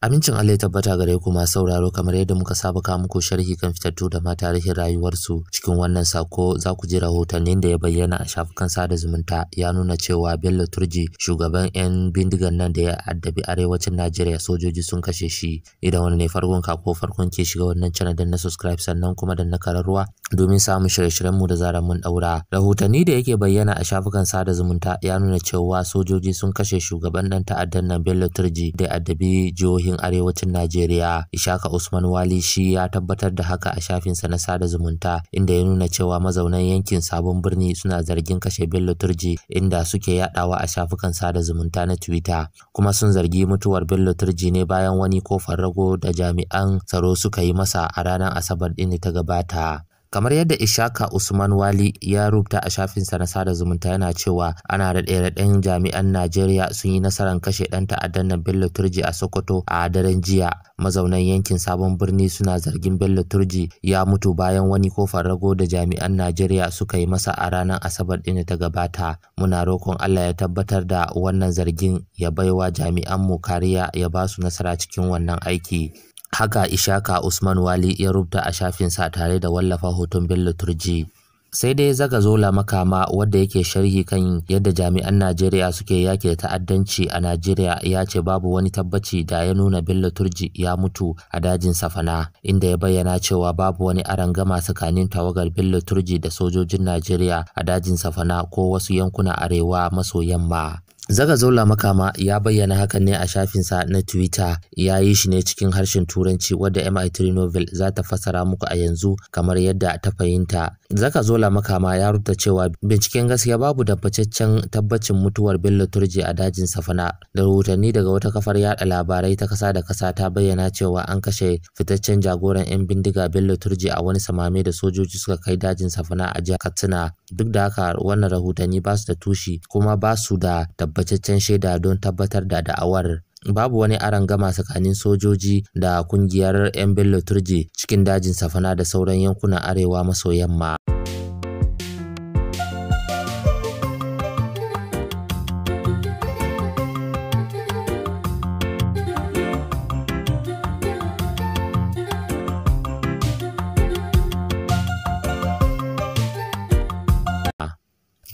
Amincin Allah ya tabbata gare ku ma sauraro kamar yadda muka saba ka muku sharhi kan fitattu da ma tarihin rayuwarsu cikin wannan sako za ku ji rahotannin da ya bayyana a shafukan sada zumunta ya nuna cewa Bello Turji shugaban 'yan bindigan nan da ya addabi arewacin Najeriya sojoji sun kashe shi idan wani ne farkon ka ko farkon ke shiga wannan channel dan na subscribe sannan kuma dan na kararruwa domin samun shirye-shiryen mu da zarar mun daura rahotanni da yake bayyana a shafukan sada zumunta ya nuna cewa sojoji sun kashe shugaban dan ta'addan nan Bello Turji da addabi jihohi jihohin arewacin Najeriya. Ishaka Usman Wali shi ya tabbatar da haka a shafinsa na sada zumunta inda ya nuna cewa mazaunan yankin Sabon Birni suna zargin kashe Bello Turji inda suke yadawa a shafukan sada zumunta na Twitter kuma sun zargi mutuwar Bello Turji ne bayan wani kofar rago da jami'an tsaro suka yi masa a ranar Asabar din ta gabata. kamar yadda ishaka usman wali ya rubuta a shafinsa na sada zumunta yana cewa ana da ɗaya jami'an najeriya sun yi nasarar kashe ɗan ta'addan na bello turji a sokoto a daren jiya mazaunan yankin sabon birni suna zargin bello turji ya mutu bayan wani kofar rago da jami'an najeriya suka yi masa a ranar asabar ɗin ta gabata muna rokon allah ya tabbatar da wannan zargin ya baiwa jami'an mu kariya ya ba su nasara cikin wannan aiki Haka Ishaka Usman Wali ya rubuta a shafinsa tare da wallafa hoton Bello Turji. sai dai zaga zola makama wadda yake sharhi kan yadda jami'an najeriya suke yake ta'addanci a najeriya ya ce babu wani tabbaci da ya nuna bello turji ya mutu a dajin safana inda ya bayyana cewa babu wani arangama tsakanin tawagar bello turji da sojojin najeriya a dajin safana ko wasu yankuna arewa maso yamma Zaga Zola Makama ya bayyana hakan ne a shafinsa na Twitter ya yi shi ne cikin harshen Turanci wadda MI3 Novel za ta fassara muku a yanzu kamar yadda ta fahimta. Zaga Zola Makama ya rubuta cewa binciken gaskiya babu dabbataccen tabbacin mutuwar Bello Turji a dajin Safana. Da rahotanni daga wata kafar yada labarai ta kasa da kasa ta bayyana cewa an kashe fitaccen jagoran 'yan bindiga Bello Turji a wani samame da sojoji suka kai dajin Safana a jihar Katsina. duk da haka wannan rahotanni ba su da tushi kuma ba su da tabbataccen shaida don tabbatar da da'awar babu wani gama tsakanin sojoji da kungiyar 'yan bello turji cikin dajin safana da sauran yankunan arewa maso yamma.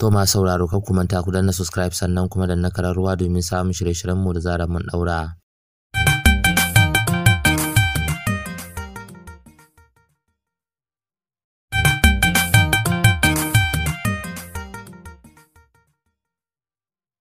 To masu sauraro kar ku manta ku danna subscribe sannan kuma danna kararruwa domin samun shirye-shiryenmu da zarar mun daura.